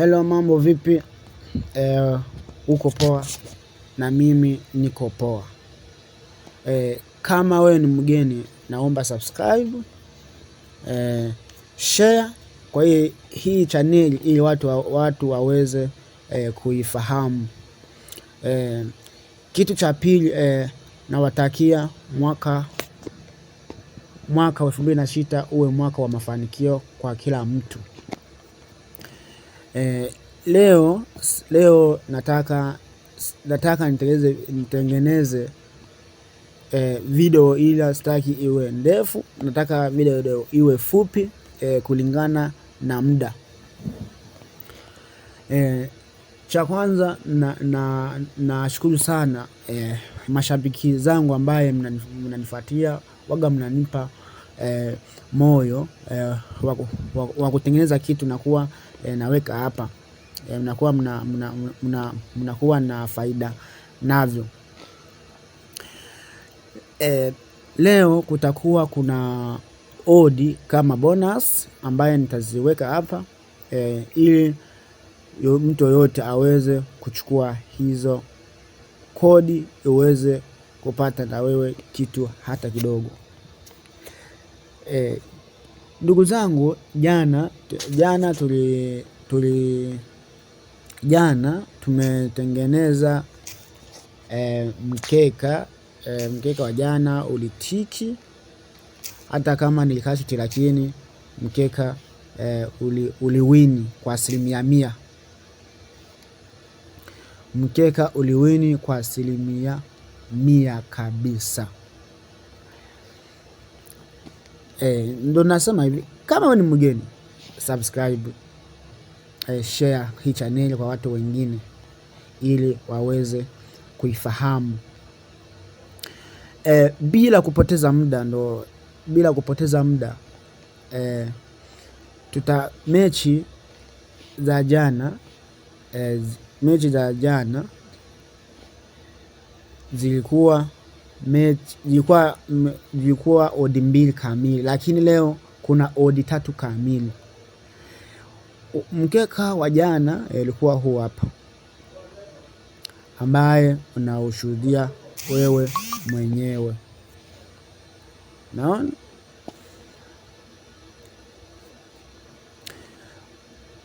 Hello, mambo vipi? Eh, uko poa? Na mimi niko poa. Eh, kama wewe ni mgeni, naomba subscribe, eh, share kwa hii hii channel ili watu, wa, watu waweze eh, kuifahamu. Eh, kitu cha pili eh, nawatakia mwaka mwaka elfu mbili na sita uwe mwaka wa mafanikio kwa kila mtu. Eh, leo leo nataka nataka nitengeneze eh, video ila sitaki iwe ndefu, nataka video iwe fupi eh, kulingana na muda eh, cha kwanza nashukuru na, na sana eh, mashabiki zangu ambaye mnanifuatia waga mnanipa eh, moyo eh, wa kutengeneza kitu na kuwa e, naweka hapa e, mnakuwa mna, mna, mna, mnakuwa na faida navyo. E, leo kutakuwa kuna odi kama bonus ambaye nitaziweka hapa e, ili mtu yoyote aweze kuchukua hizo kodi uweze kupata na wewe kitu hata kidogo e. Ndugu zangu, jana jana tuli, tuli jana tumetengeneza e, mkeka e, mkeka wa jana ulitiki, hata kama nilikashiti, lakini mkeka e, uli, uliwini kwa asilimia mia. Mkeka uliwini kwa asilimia mia kabisa eh, ndo nasema hivi, kama wewe ni mgeni subscribe, eh, share hii chaneli kwa watu wengine ili waweze kuifahamu eh, bila kupoteza muda ndo bila kupoteza muda eh, tuta mechi za jana eh, mechi za jana zilikuwa mechi ilikuwa ilikuwa odi mbili kamili, lakini leo kuna odi tatu kamili. Mkeka wa jana eh, ilikuwa huu hapa, ambaye unaushuhudia wewe mwenyewe. Naona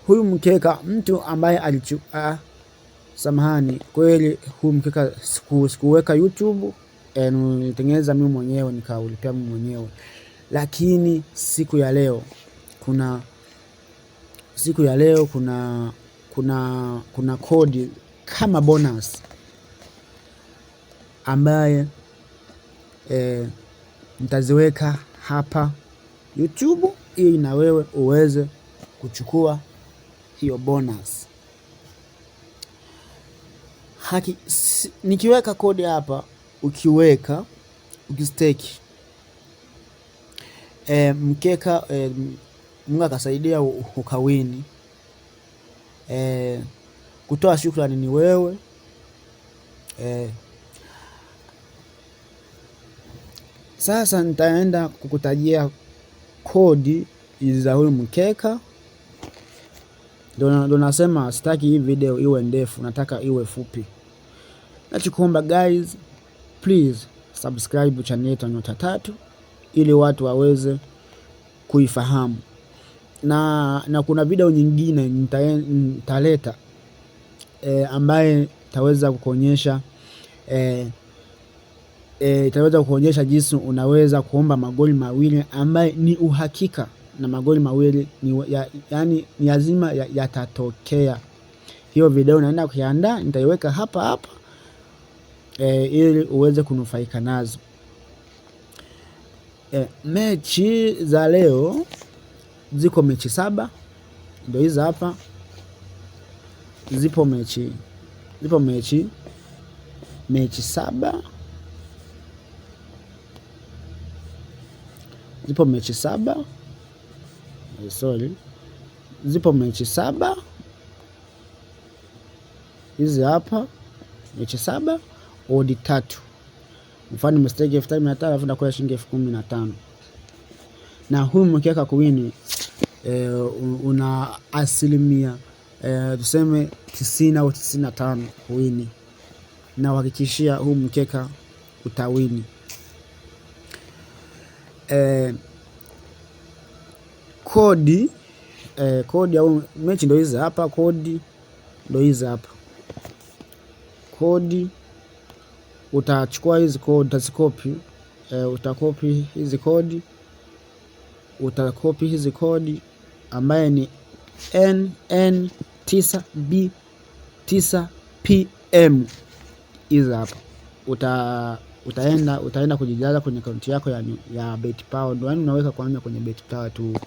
huyu mkeka, mtu ambaye alichukua, ah, samahani kweli, huyu mkeka sikuweka YouTube e, eh, nilitengeneza mimi mwenyewe nikaulipia mimi mwenyewe. Lakini siku ya leo kuna siku ya leo kuna kuna kuna kodi kama bonus ambaye e, nitaziweka hapa YouTube ili na wewe uweze kuchukua hiyo bonus haki. Nikiweka kodi hapa ukiweka ukisteki e, eh, mkeka e, Mungu akasaidia ukawini. E, kutoa shukrani ni wewe e. Sasa nitaenda kukutajia kodi za huyu mkeka. Ndo nasema sitaki hii video iwe ndefu, nataka iwe fupi. Nachokuomba guys please subscribe channel yetu Nyota Tatu ili watu waweze kuifahamu na, na kuna video nyingine nitaleta e, ambaye itaweza kukuonyesha e, e, itaweza kukuonyesha jinsi unaweza kuomba magoli mawili ambaye ni uhakika na magoli mawili ni, ya, yani ni lazima yatatokea. Ya hiyo video naenda kuiandaa, nitaiweka hapa hapa e, ili uweze kunufaika nazo. E, mechi za leo ziko mechi saba, ndio hizo hapa. Zipo mechi zipo mechi mechi saba zipo mechi saba eh, sorry, zipo mechi saba hizi hapa, mechi saba odi tatu. Mfano mstake elfu tatu mia tano alafu nakula shilingi elfu kumi na tano na huyu mkiweka kuwini e, eh, una asilimia e, tuseme tisini au tisini na tano kuwini na uhakikishia huu mkeka utawini. E, kodi e, kodi au mechi ndo hizi hapa, kodi ndo hizi hapa, kodi utachukua hizi code utazikopi, eh, utakopi hizi code utakopi hizi kodi ambaye ni NN 9B 9PM hizi hapa uta utaenda utaenda kujijaza kwenye akaunti yako ya, ya BetPawa, ndo yani unaweka kwanza kwenye BetPawa tu,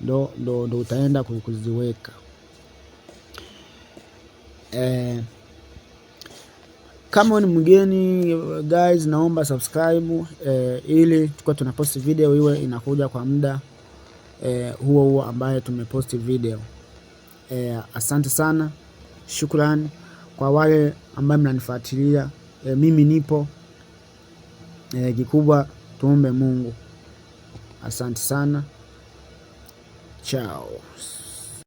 ndo ndo utaenda kuziweka eh. Kama ni mgeni guys, naomba subscribe eh, ili tukua tunaposti video iwe inakuja kwa muda eh, huo huo ambaye tumeposti video eh, asante sana, shukrani kwa wale ambaye mnanifuatilia eh, mimi nipo eh, kikubwa tuombe Mungu. Asante sana, chao.